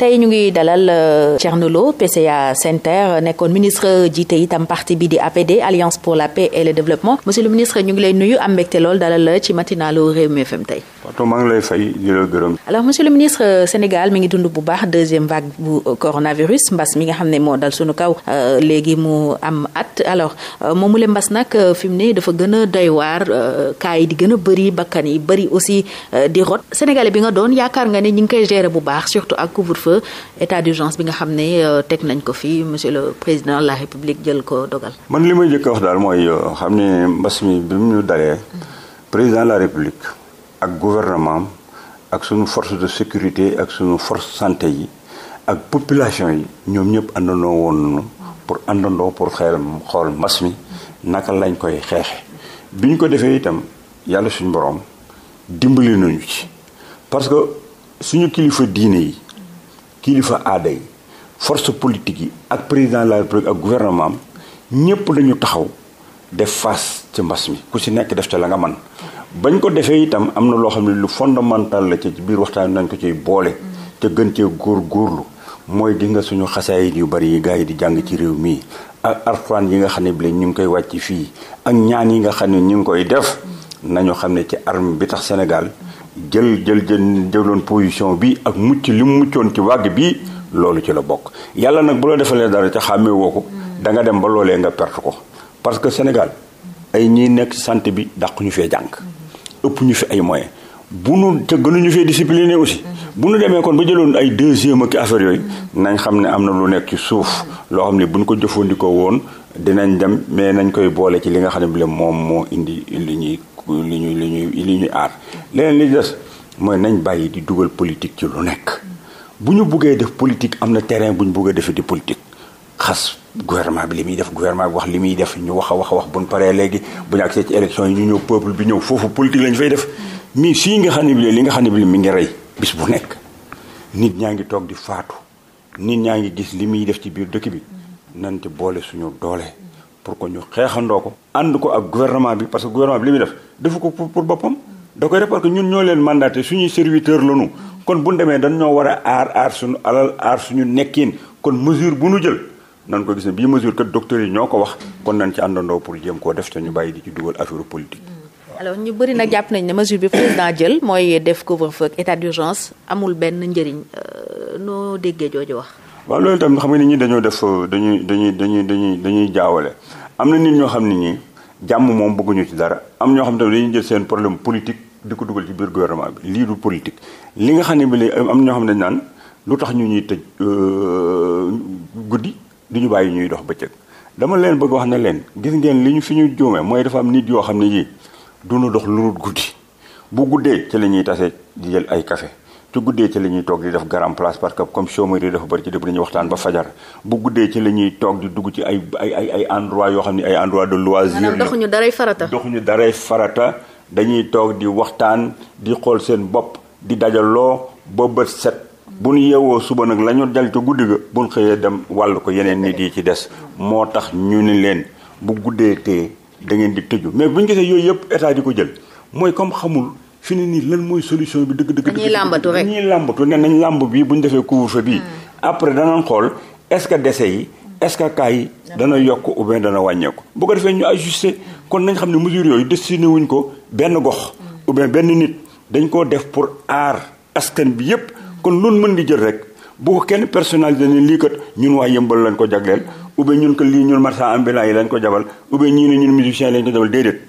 tey ñu ngi dalal euh, Thierno Lo PCA Sen'Ter nekkoon ministre jiite itam parti bi di APD Alliance pour la paix et le développement monsieur le ministre ñu ngi lay nuyu am mbégte lool dalal la ci matinalu Rewmi FM tey. Fatou maa ngi lay fay di gërëm. alors monsieur le ministre euh, Sénégal mi ngi dund bu baax deuxième vague bu euh, coronavirus mbas mi nga xam ne moo dal sunu kaw léegi mu am at alors moomu le mbas nag fi mu ne dafa gën a doy waar cas yi di gën a bëri bakkan yi bëri aussi di rot bi nga doon yaakaar nga couvre-feu état d'urgence bi nga xam ne euh, teg nañ ko fi monsieur le président de la république jël ko dogal. man li may njëkk a wax daal mooy euh, xam ne mbas mi bi mu ñu dalee. président de la république ak gouvernement ak sunu force de sécurité ak suñu force santé yi ak population yi ñoom ñëpp àndandoo woon pour àndandoo pour xeel xool mbas mi naka lañ koy xeexe bi ñu ko defee itam yàlla suñ borom dimbali nañu ci parce que suñu kilifa diine yi kilifa aada yi force politique yi ak président la république ak guvernement am ñëpp dañu taxaw def fas ci mbas mi ku si nekk def ca la nga man bañ ko defee itam am na loo xam ne lu fondamental la ci biir waxtaan nañ ko ciy boole te gën cee góor góorlu mooy di nga suñu xasaayit yu bari yi gars yi di jàng ci réew mii ak arxuraan yi nga xam ne bi ñu ngi koy wàcc fii ak ñaan yi nga xam ne ñu ngi koy def nañu xam ne ci arme bi tax Sénégal jël jël jëloon position bi ak mucc li mu muccoon ci wàgg bi loolu ci la bokk yàlla nag bu la defalee dara ca xàmmee woo ko da nga dem ba loolee nga perte ko parce que Sénégal ay ñiy nekk ci santé bi dàq ñu fee jàng ëpp ñu fi ay moyen bu nu te gënuñu fee discipliné aussi bu nu demee kon ba jëloon ay deuxième ak affaire yooyu nañ xam ne am na lu nekk ci suuf loo xam ne bu ñu ko jëfandikoo woon dinañ dem mais nañ koy boole ci li nga xam ne bi moom moo indi li ñuy bu li ñuy li ñuy li ñuy aar leneen li des mooy nañ bàyyi di dugal politique ci lu nekk bu ñu buggee def politique am na terrain bu ñu buggee defee di politique xas gouvernement bi li muy def gouvernement bi wax li muy def ñu wax a wax a wax bu ñu paree léegi bu ñu agsee ci élection yi ñu ñëw peuple bi ñëw foofu politique lañu fay def mais sii nga xam ne bi li nga xam ne bi mu ngi rey bis bu nekk nit ñaa ngi toog di faatu nit ñaa ngi gis li muy def ci biir dëkk bi nante boole suñu doole pour que ñu xeexandoo ko ànd ko ak gouvernement bi parce que gouvernement bi li def defu ko pour boppam da koy def parce que ñun ñoo leen mandaté suñuy serviteur la kon bu ñu demee ñoo war a aar aar alal aar suñu nekkin kon mesure bu nu jël nan ko gis ne bii mesure kat docteur yi ñoo ko wax kon nañ ci àndandoo pour jéem koo def te ñu bàyyi di ci dugal affaire politique hmm. ñu bëri nag jàpp nañ ne mesure bi président jël mooy def couvre-feu état d'urgence waaw loolu itam xam nga nit ñi dañoo def euh, dañuy dañuy dañuy dañuy dañuy jaawale am na nit ñoo xam ne ñi jàmm moom bëgguñu ci dara am ñoo xam ne dañuy jël seen problème politique di ko dugal ci biir gouvernement bi lii du politique. li nga xam ne bi am ñoo xam ne naan lu tax ñu ñuy tëj euh, guddi duñu bàyyi ñuy dox bëccëg dama leen bëgg wax ne leen gis ngeen li ñu fi ñu juumee mooy dafa am nit yoo xam ne yii du ñu dox lu dul guddi bu guddee ci la ñuy tase di jël ay café te guddee ci la ñuy toog di def grand place parce que comme la ñuy toog di dugg ci ay ay yoo xam ne ay endroit de loisir doxuñu daray farata doxuñu farata dañuy toog di waxtaan di xool seen bopp di dajaloo ba bët set bu nu yewoo suba nag la ñu dal ci guddi ga bu ñu xëyee dem wàll ko yeneen nit yi ci des moo tax ñu ni leen bu guddee tee da ngeen di tëju mais bu ñu gisee yooyu yëpp état di ko jël mooy comme xamul fi ne nii lan mooy solution bi dëgg dëgg. dañuy làmbatu rek dañuy làmbatu ne nañ làmb bi bu ñu defee couvre-feu bi après danañ xool est-ce que décès yi. est-ce que cas yi dana yokk ou bien dana wàññeeku. bu ko defee ñu ajusté kon nañ xam ne mesures yooyu destiné wuñ ko benn gox. ou bien benn nit dañ koo def pour aar askan bi yépp kon loolu mën di jël rek bu ko kenn personnalisé ne lii kat ñun waa yëmbal lañ ko jagleel ou bien ñun ko lii ñun marchand ambulant yi lañ ko jabal ou bien ñii ne ñun musiciens lañ ko jabal déedéet.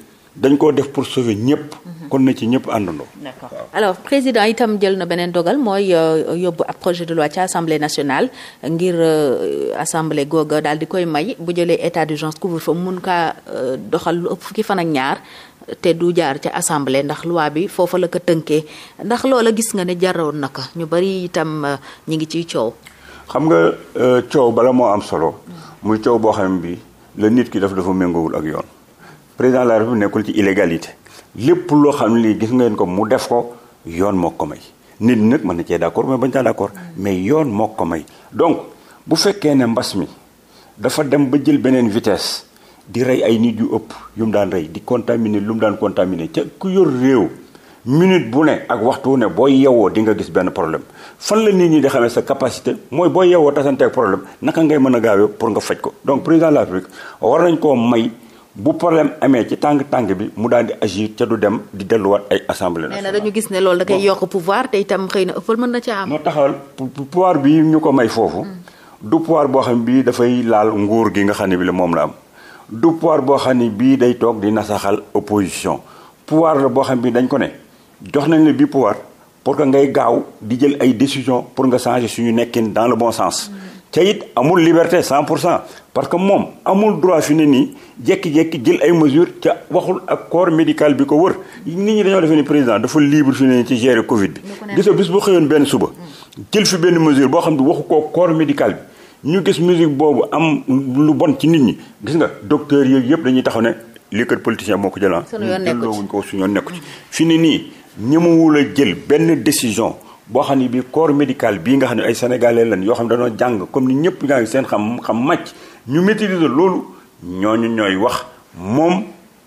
dañ koo def pour sauver ñëpp. Mhm. kon na ci ñëpp àndandoo. d'accord alors président itam jël na beneen dogal mooy euh, yóbbu ab projet de loi ci assemblée nationale ngir euh, assemblée googa daal di koy may bu jëlee état d'urgence couvre-feu mun kaa euh, doxal lu ëpp fukki fan ak ñaar te du jaar ci assemblée ndax luwaa bi foofa la ko tënkee ndax loola gis nga ne jaroon na ko ñu bari itam ñu ngi ciy coow. xam nga coow bala moo am solo. Mhm. muy coow boo xam bi la nit ki daf dafa méngoowul ak yoon. président de la République nekkul ci illégalité lépp loo xam ni lii gis ngeen ko mu def ko yoon moo ko may nit nag mën na cee d'accord mais bañ caa d'accord mais yoon moo ko may donc bu fekkee ne mbas mi dafa dem ba jël beneen vitesse di rey ay nit yu ëpp yu mu daan rey di contaminer lu mu daan contaminer ca ku yor réew minute bu ne ak waxtu ne boo yewoo di nga gis benn problème fan la nit ñi di xamee sa capacité mooy boo yewoo tasanteeg problème naka ngay mën a gaawee pour nga faj ko donc président de la République war nañ koo may bu problème amee ci tàng tàng bi mu daal di agir ca du dem di delluwaat ay assemblée nationale. nee na dañu gis ne lool da koy yokk pouvoir te itam xëy na ëppal mën na ci am. noo taxawal pouvoir ñu ko may foofu. Mm. du pouvoir boo xam bii dafay laal nguur gi nga xam ne bi la moom la am. du pouvoir boo xam ne bii day toog di nasaxal opposition pouvoir la boo xam bi dañ ko ne jox nañ la bi pouvoir pour que ngay gaaw di jël ay décision pour nga changer suñu nekkin dans le bon sens. ca mm. it amul liberté cent pour cent parce que moom amul droit fi ne nii jekki-jekki jël ay mesures ca waxul ak corps médical bi ko wër nit ñi dañoo defee ni président dafa libre fi ne nii ci gérer Covid bi. gisoo bis bu xëyoon benn suba. jël fi benn mesure boo xam ne waxu ko corps médical bi. ñu gis musique boobu am lu bon ci nit ñi gis nga docteur yooyu yëpp dañuy taxaw ne lii kat politicien moo ko jël ah. jëlloowuñ ko suñu yoon nekku ci. ni nii ñemewul jël benn décision boo xam ne bii corps bii nga xam ne ay sénégalais lañ yoo xam ne dañoo jàng comme ni ñëpp ngaa seen xam xam màcc. ñu maîtriser loolu ñoo ñu ñooy wax moom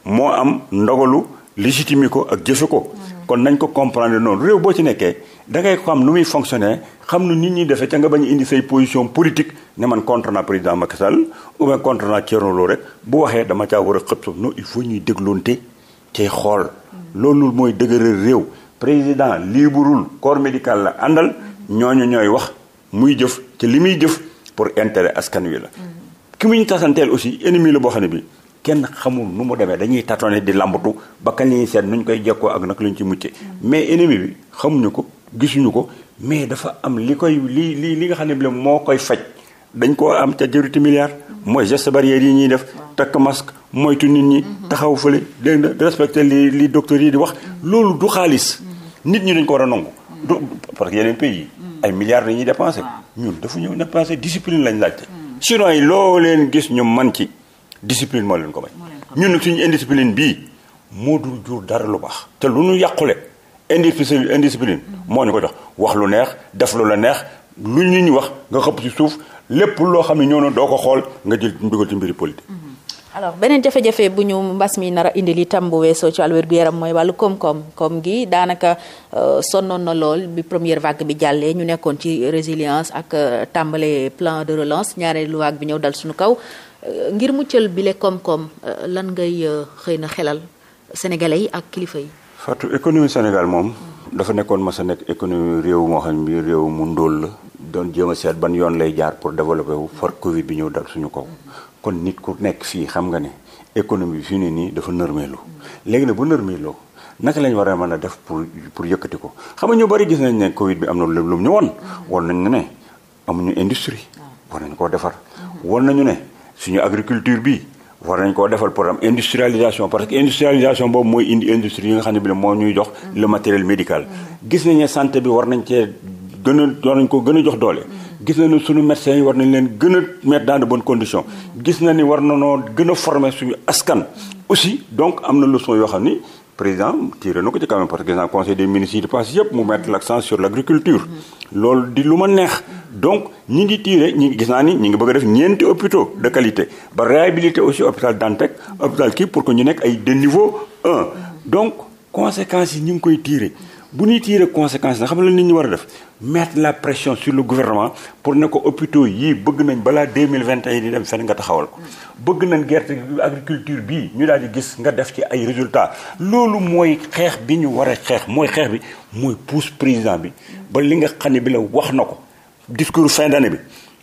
moo am ndogalu légitime ko ak jëfe ko. kon nañ ko comprendre noonu réew boo ci nekkee da ko xam nu muy fonctionner xam nu nit ñuy defee ca nga bañ indi say position politique ne man contre naa président Macky Sall ou bien contre naa Thierno Lo rek bu waxee dama caa war a xëpp suuf non il faut ñuy dégloonte cay xool. Mm. loolu mooy dëgëral réew président liiburul corps médical la àndal mm. ñooñu ñooy wax muy jëf ci li muy jëf pour intérêt askan wi la. Mm. ki mu ñu tasanteel aussi ennemi la boo xam ne bi kenn xamul nu mu demee dañuy tâtonner di lambatu ba kañ seet nu ñu koy jekkoo ak nag lu ci mucce mm. mais ennemi bi xamuñu ko gisuñu ko mais dafa am li koy li li li nga xam ne bi moo koy faj dañ koo am ca juróomi milliard mooy geste barrière yi ñuy def takk masque moytu nit ñi mm-hmm. taxaw fële dégg nga respecter li li docteur yi di wax mm-hmm. loolu du xaalis mm-hmm. nit ñi dañ ko war a nangu du parce que yeneen pays yi ay milliards la ñuy dépensé ñun chinois yi loo leen gis ñu man ci discipline moo leen ko may ñun nag suñu indiscipline bii moo dul jur dara lu baax te lu ñu yàqule indiscipline indiscipline moo ñu ko jox wax lu neex def lu la neex lu ñu ñu wax nga xëpp ci suuf lépp loo xam ne ñoo na doo ko xool nga jël dugal ci mbiri politique mm-hmm. alors beneen jafe-jafe bu ñu mbas mi nar a indil itam bu weesoo ci wàllu yaram mooy wàllu koom-koom koom gi daanaka euh, sonnoon na lool bi première vague bi jàllee ñu nekkoon ci résilience ak euh, tàmbale plan de relance ñaareelu vague bi ñëw dal suñu kaw euh, ngir muccal bile koom-koom lan ngay xëy na xelal sénégalais yi ak kilifa yi. Fatou économie Sénégal moom. dafa nekkoon ma sa nekk économie réew moo xam ne réew mu ndóol la. doon jéem a seet ban yoon lay jaar pour développer wu far Covid bi ñëw dal suñu kaw. kon nit ku nekk fii xam nga ne économie bi fi ne nii dafa nërmeelu léegi nag bu nërmeeloo naka lañ war a mën a def pour pour yëkkati ko xam nga ñu bari gis nañ ne Covid bi am na lu mu ñu woon woon nañu ne amuñu industrie war nañ koo defar woon nañu ne suñu agriculture bi war nañ koo defal programme industrialisation parce que industrialisation boobu mooy indi industrie nga xam ne bi ne moo ñuy jox le matériel médical mm-hmm. gis nañ ne santé bi war nañ cee gën a war nañ ko gën a jox doole gis na ni suñu médecins yi war nañ leen gën a mettre dans de bonnes conditions gis na ni war na noo gën a suñu askan aussi donc am na leçon yoo xam ni président tiré na ko ci quand parce que conseil des ministres yi di passe yëpp mu mettre l'accent sur l'agriculture loolu di lu ma neex donc ñi ngi tiré ñi gis naa ni ñi ngi bëgg a def ñeenti hôpitaux de qualité ba réhabiliter aussi hôpital Dantec hôpital kii pour que ñu nekk ay de niveau donc conséquences yi ñu ngi koy tiré bu ñuy tiire conséquence na xam ne nit ñu war a def mettre la pression sur le gouvernement pour ne ko hôpitaux yii bëgg nañ balaa 2021 di dem fenn nga taxawal ko bëgg nañ gerte agriculture bii ñu daal di gis nga def ci ay résultat loolu mooy xeex bi ñu war a xeex mooy xeex bi mooy pousse président bi ba li nga xam ne bi la wax na ko discours fin d'année bi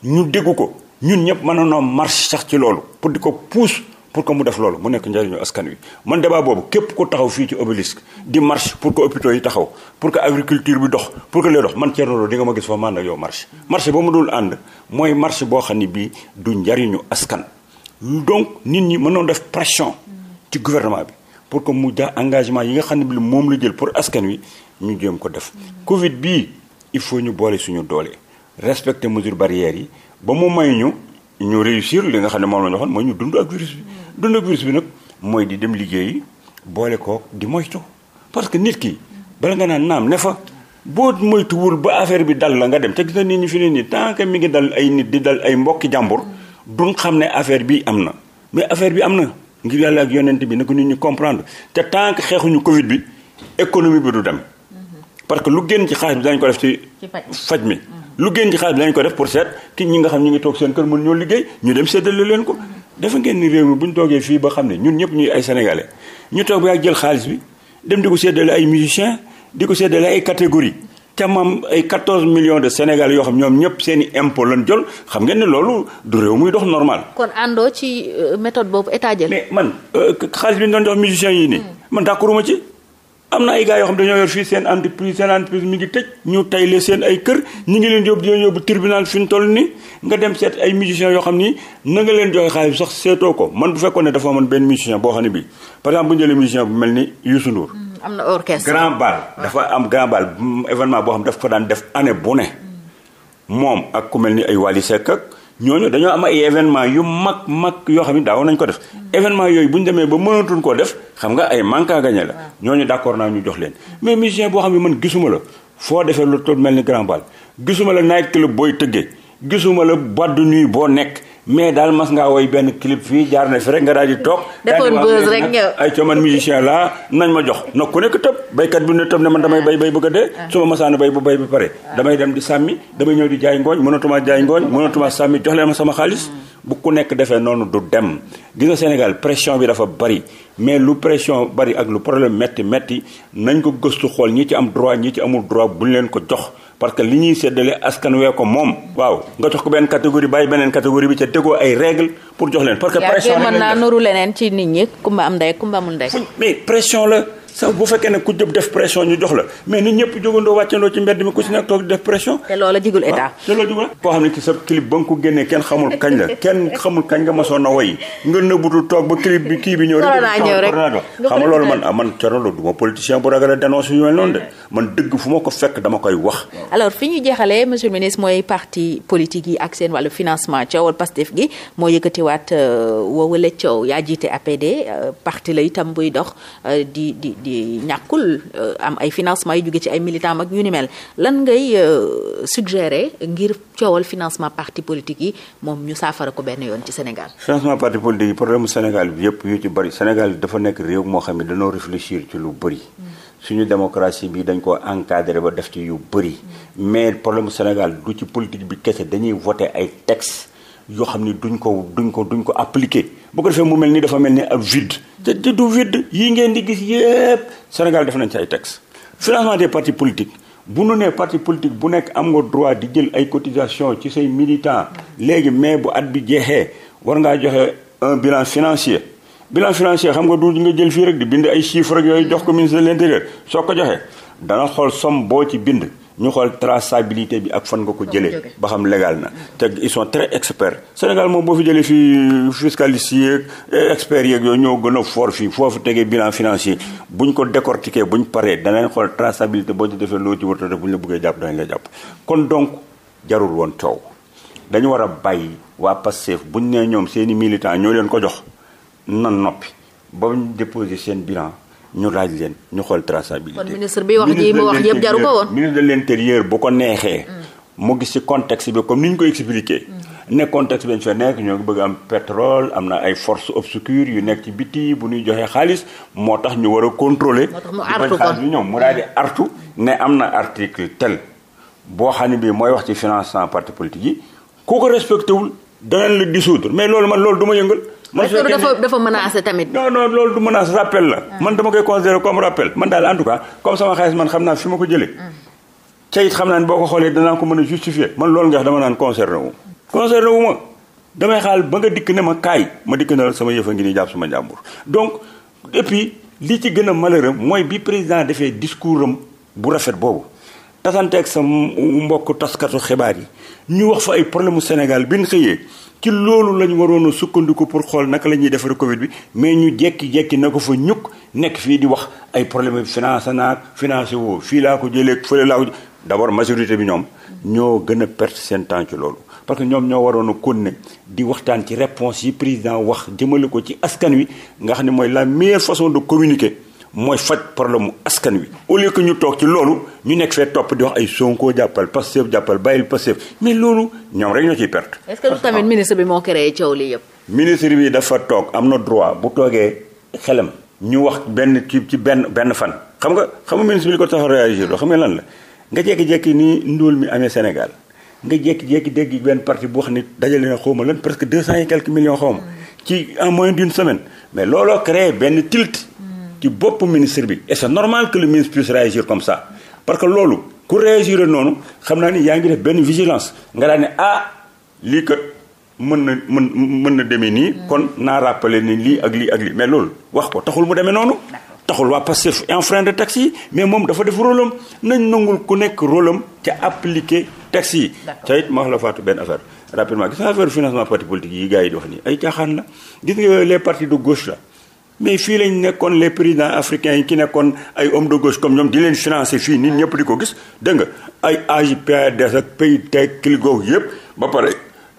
ñu dégg ko ñun ñëpp mënoon a marche sax ci loolu pour di ko pousse pour que mu def loolu mu nekk njëriñu askan wi man débat boobu képp ku taxaw fii ci obélisque di marche pour que hôpitaux yi taxaw pour que agriculture bi dox pour que lee dox man Thierno Lo di nga ma gis fa man ak yow marche ba mu dul ànd mooy marche boo xam ne bii du njëriñu askan donc nit ñi mënoon def pression ci gouvernement bi pour que mu ja engagement yi nga xam ne bi moom la jël pour askan wi ñu jéem ko def covid bii il faut ñu boole suñu doole respecter mesures barrières yi ba ñu réussir li nga xam ne moom la ñu waxoon mooy ñu dund ak virus bi dund ak virus bi nag mooy di dem liggéey boole kook di moytu parce que nit ki bala nga naan naam ne fa boo moytuwul ba affaire bi dal la nga dem te gis na nit ñi fi ne nii tant que mi ngi dal ay nit di dal ay mbokki jàmbur duñ xam ne affaire bi am na mais affaire bi am na ngir yàlla ak yonent bi na ko nit ñi comprendre te tant que xeexuñu Covid bi économie bi du dem mm-hmm. parce que lu génn ci xaalis bi dañ ko def ci faj mi lu génn ci xaalis bi lañ ko def pour seet ki ñi nga xam ñu ngi toog seen kër mën ñoo liggéey ñu dem seddale leen ko dafa ngeen ni réew mi bu ñu toogee fii ba xam ne ñun ñëpp ñuy ay sénégalais ñu toog ba ak jël xaalis bi dem di ko seddale ay musiciens di ko seddale ay catégories te moom ay 14 million de Sénégal yoo xam ñoom ñëpp seen i impôt lan xam ngeen ne loolu du réew muy dox normal. kon àndoo ci euh, méthode boobu état jël. mais man euh, xaalis bi doon jox musiciens yi nii. am na ay gars yoo xam dañoo yor fii seen entreprise seen entreprise mi ngi tëj ñu tayle seen ay kër ñu ngi leen yóbbu di leen yóbbu tribunal fi ñu toll ni nga dem seet ay musiciens yoo xam ni na nga leen joxe xaalis sax seetoo ko man bu fekkoon ne dafa amoon benn musicien boo xam ne bii par exemple bu ñu jëlee musicien bu mel ni Youssou Ndour. Mm, am na orchestre grand bal. Ah. dafa am grand bal mm, événement boo xam daf ko daan def année bu ne. moom ak ku mel ni ay Wally Seck ak ñooñu dañoo am ay événement yu mag mag yoo xam ne daawoon nañ ko def événement yooyu bu ñu demee ba mënatuñ koo def xam nga ay manque à ñoo ñu ñooñu d'accord naa ñu jox leen mais musicien boo xam ne man gisuma la foo defee lu toll mel ni grand bal gisuma la night club booy tëggee gisuma la boîte de nuit boo nekk mais daal mas ngaa woy benn clip fii jaar na fi rek nga daal di toog. defoon buzz rek ñëw ay ca man musicien la nañ ma jox. na ku nekk tëb baykat bi ne tëb ne man damay bay bay bëgg de dee. Ah. su ma masaanu bay bu bay ba pare. Ah. damay dem di sàmmi damay ñëw di jaay ngooñ mënatuma jaay ngooñ ah. mënatuma sàmmi jox leen ma sama xaalis. Hmm. bu ku nekk defee noonu du dem gis nga Sénégal pression bi dafa bari mais lu pression bari ak lu problème métti métti nañ ko gëstu xool ñi ci am droit ñi ci amul droit buñ leen ko jox. parce que li ñuy séddale askan wee ko moom. waaw nga jox ko benn catégorie bàyyi beneen catégorie bi ca tegoo ay règle pour jox leen. parce que pression la mën naa nuru leneen ci nit ñi kumba am ndey kumba amul ndey. mais pression la. sax bu fekkee ne ku jóg def pression ñu jox la mais nit ñëpp jógandoo wàccandoo ci mbedd mi ku si nekk toog def pression. te loola jigul ah, état te loola jigul koo xam ne kenn xamul kañ la kenn xamul kañ nga masoon na woy nga nëbbutu toog ba kii bi ñëw rek xam nga loolu man ah, man Thierno Lo du ma politicien bu ragal a dénonce yu de man dëgg fu ma ko fekk dama koy wax alors fi ñu jeexalee monsieur le ministre mooy parti politique yi ak seen wàllu financement coowal Pastef gi moo yëkkatiwaat euh, woowale yaa jiite APD euh, parti la itam buy dox euh, di di di ñàkkul euh, am ay financement yu jóge ci ay militants ak ñu ni mel lan ngay euh, suggérer ngir coowal financement parti politique yi moom ñu saafara ko benn yoon ci Sénégal. financement parti politique yi problème mu Sénégal bi yëpp yu ci bari Sénégal dafa nekk réew moo xam ne dañoo réfléchir ci lu bari. Mm. suñu démocratie bi dañ ko encadré ba def ci yu bari. Mm. mais problème Sénégal du ci politique bi kese dañuy voter ay textes. yoo xam ni duñ ko duñ ko duñ ko appliqué boo ko defee mu mel ni dafa mel ni ab vide te du vide yii ngeen di gis yépp Sénégal def nañ ci ay texte financement des parti politiques bu nu nee parti politique bu nekk am nga droit di jël ay cotisation ci say militants léegi mais bu at bi jeexee war ngaa joxe un bilan financier bilan financier xam nga du nga jël fii rek di bind ay chiffres rek yooyu jox ko ministre de l'intérieur soo ko joxee dana xool somme boo ci bind ñu xool traçabilité bi ak fan nga ko jëlee ba xam légal na te ils sont très experts Sénégal moom boo fi jëlee fii fiscalistes yeeg experts yeeg yooyu ñoo gën a fort fii foofu tegee bilan financier buñ ko décortiquer buñ paree danañ xool traçabilité boo ñu defee loo ci war a def bu ñu la bëggee jàpp danañ la jàpp kon donc jarul woon coow dañu war a bàyyi waa Pastef buñ nee ñoom seeni militants ñoo leen ko jox nan noppi ba ñu déposé seen bilan ñu laaj leen ñu xool traçabilité. kon ministre bi wax ji mu wax yëpp jaru ko woon. ministre de bu ko neexee. Mm. mu gis ci contexte bi comme ni ñu ko expliqué. Mm. ne contexte bi ñu fa ñoo bëgg am pétrole am na ay forces obscures yu nekk ci biti bu ñuy joxe xaalis moo tax ñu war a contrôler. moo mu artu ñoom mu daal di artu. ne am na article tel boo xam ne bii mooy wax ci financement parti politique yi ku ko respecté wul danañ la dissoudre mais loolu ma loolu du ma yëngal. man su dafa dafa menacé tamit. non non loolu du menace rappel la. Ah. man dama koy considéré comme rappel man daal en tout cas comme sama xaalis man xam naa fi ma ko jëlee. Ah. ca xam naa ne boo ko xoolee danaa ko mën a justifier man loolu nga wax dama naan concerné wu. concerné wu damay xaal ba nga dikk ne ma kaay ma dikk ne la sama yëfa ngi nii jàpp sama njàmbur donc et puis li ci gën a malheureux mooy bi président defee discours am bu rafet boobu. tasanteeg sa mbokk taskatu xibaar yi ñu wax fa ay problème mu Sénégal bi ñu xëyee ci loolu lañu waroon a sukkandiku pour xool naka la ñuy defar Covid bi mais ñu jekki-jekki na ko fa ñukk nekk fii di wax ay problème finance naag financé woo fii laa ko jëlee fële laa ko d'abord majorité bi ñoom ñoo gën a perte seen temps ci loolu parce que ñoom ñoo waroon a continuer di waxtaan ci réponse yi président wax jëmale ko ci askan wi nga xam ne mooy la meilleure façon de communiquer mooy faj problème mu askan wi au lieu que ñu toog ci loolu ñu nekk fee topp di wax ay Sonko jàppal Pastef jàppal bàyyil Pastef mais loolu ñoom rek ñoo ciy perte. est-ce tamit ministre bi moo créé coow li yëpp. ministre bi dafa toog am na droit bu toogee xelam. ñu wax benn ci ci benn benn fan. xam nga xam nga ministre bi li ko tax a réagir xam nga lan la nga jékki-jékki ni ndóol mi amee Sénégal nga jékki-jékki dégg benn parti bu wax ni dajale na xawma lan presque deux cent et quelques millions ci bopp ministre bi et c'est normal que le ministre puisse réagir comme ça parce que loolu ku réagir noonu xam naa ni yaa ngi def benn vigilance nga daan ne ah lii kat mën na mën mën na demee nii mm. kon naa rappelé ni lii ak lii ak lii mais loolu wax ko taxul mu deme noonu taxul waa Pastef enfreint de taxe yi mais moom dafa def rôle nañ nangul ku nekk rôle am ca appliquer taxe yi ca it ma wax la faatu benn affaire rapidement gis nga affaire financement parti les partis de gauche la mais fii lañ nekkoon les président africains yi ki nekkoon ay hommes de gauche comme ñoom di leen financer fii nit ñëpp di ko gis dégg nga ay AJ/PADS ak PAYTEC Kilgo yëpp ba pare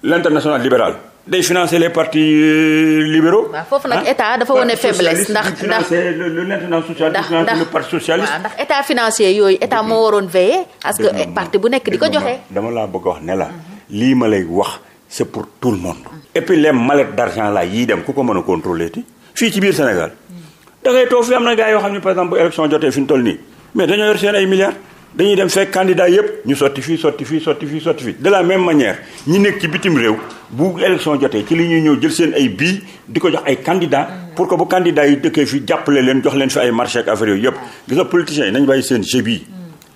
l'international libéral day financer les parti euh, libéraux. waaw foofu nag état dafa wane faiblesse. ndax ndax l'international socialiste ndax le parti socialiste. ndax état financier yooyu état moo waroon veiller. à que parti bu nekk di ko joxe. dama laa bëgg a wax ne la mhm. lii ma lay wax c'est pour tout le monde. et puis les mallettes d'argent là yii dem ku ko mën a contrôler ti fii ci biir Sénégal da ngay toog fi am na gars yoo xam ne par exemple bu élection jotee fi ñu toll nii mais dañoo yor seen ay milliards dañuy dem fekk candidat yépp ñu sotti fii sotti fii sotti fii sotti fii de la même manière ñi nekk ci bitim réew bu élection jotee ci li ñuy ñëw jël seen ay bii di ko jox ay candidat pour que bu candidat yi dëkkee fi jàppale leen jox leen fi ay marché ak affaire yooyu yëpp gis nga politiciens yi nañu bàyyi seen jeu bii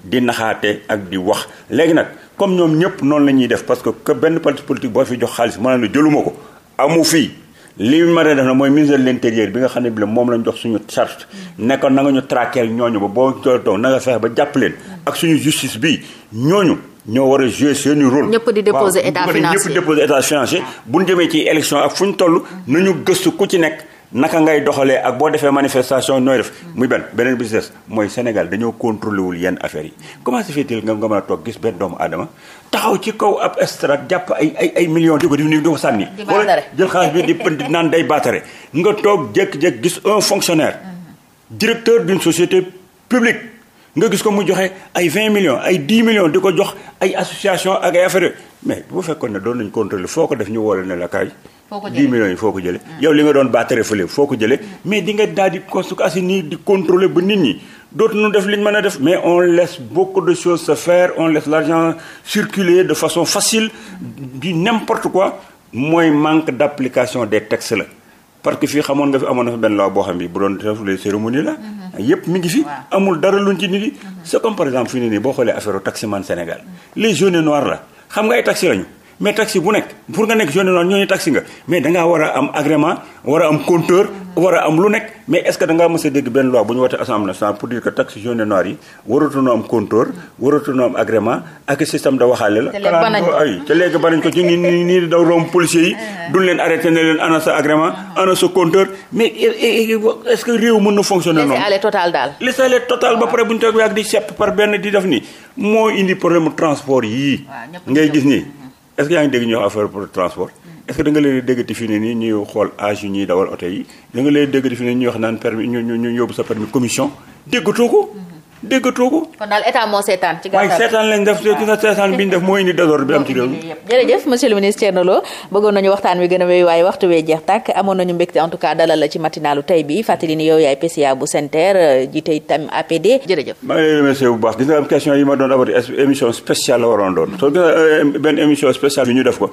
di naxaate ak di wax léegi nag comme ñoom ñëpp noonu la ñuy def parce que que benn parti politique boo fi jox xaalis mën na jëluma ko amu fii li ma a def na mooy ministre de l'intérieur bi nga xam ne bi la moom lañ jox suñu charge nekk na nga ñu traquer ñooñu ba boo toog na nga fexe ba jàpp leen ak suñu justice bi ñooñu ñoo war a jouer seeni rôle ñëpp di déposer état financier ñëpp déposer état financier bu ñu jëmee ci élection ak fu ñu toll nañu gëstu ku ci nekk naka ngay doxalee ak boo defee manifestation nooy def muy benn beneen business mooy Sénégal dañoo contrôlé wul yenn affaires yi comment se fait-il toog gis benn doomu aadama taxaw ci kaw ab estrade jàpp ay ay ay millions di ko di ko sànni. di baatare jël xaalis bi di naan day baatare. nga toog jékki-jékki gis un fonctionnaire. Mm-hmm. directeur d'une société publique. nga gis ko mu joxe ay 20 millions ay 10 millions di ko jox ay association ak ay affaire mais bu fekkoon ne doon nañ contrôler foo ko def ñu woo la ne kaay. 10 millions yi foo ko jëlee. Mm. yow li nga doon baatare fële foo ko jëlee. Mm. mais di nga daal di constater nii di contrôler ba nit ñi dootuñu def li ñu mën a def. mais on laisse beaucoup de choses se faire on laisse l'argent circuler de façon facile du n'importe quoi mooy manque d'application des textes la. parce que fii xamoon nga fi amoon na fa benn loi boo xam bi bu doon def les cérémonies la. Mm-hmm. yépp mi ngi fi. amul dara lu ci nit yi. Mm-hmm. c'est comme par exemple fi mu ne nii boo xoolee affaire taximan Sénégal. les la xam nga ay taxi mais taxi bu nekk pour nga nekk jeune noonu ñooñu taxi nga mais dangaa war a am agrément war a am compteur war a am lu nekk mais est-ce que da ngaa mës a dégg benn loi bu ñu wootee assemblée nationale pour dire que taxi jaune noir yi waratuñoo am compteur waratuñoo am agrément ak système da waxaale la xanaa ay te léegi banañ ko ci nii nii daw romb policiers yi duñ leen arrêté ne leen ana sa agrément ah. ana sa compteur mais est que réew mën na fonctionner noonu laisser-aller total daal laisser-aller total ba pare bu ñu toog ak di sepp par benn di def ngay gis nii est-ce que yaa ngi dégg ñu affaire pour transport est-ce que da leen déggati fii ne ñuy xool âge yu ñuy dawal oto yi da leen déggati fii ne ñuy wax naan permis ñu ñu ñu yóbbu sa permis commission déggatoo ko déggatoo ko. kon daal état moo seetaan ci gàttal waaye seetaan lañ def ci nga seetaan bi ñu def moo indi désordre bi am ci réew waxtaan wi gën a wéy waaye waxtu wee jeex tàkk amoon nañu mbégte dalal la ci matinalu tey bi fàttali ni yow yaay PCA bu SENTER jiite itam APD jërëjëf. maa ngi lay bu baax gis nga yi ma doon abati émission spéciale la waroon doon soo gis euh, benn émission spéciale bi ñu def ko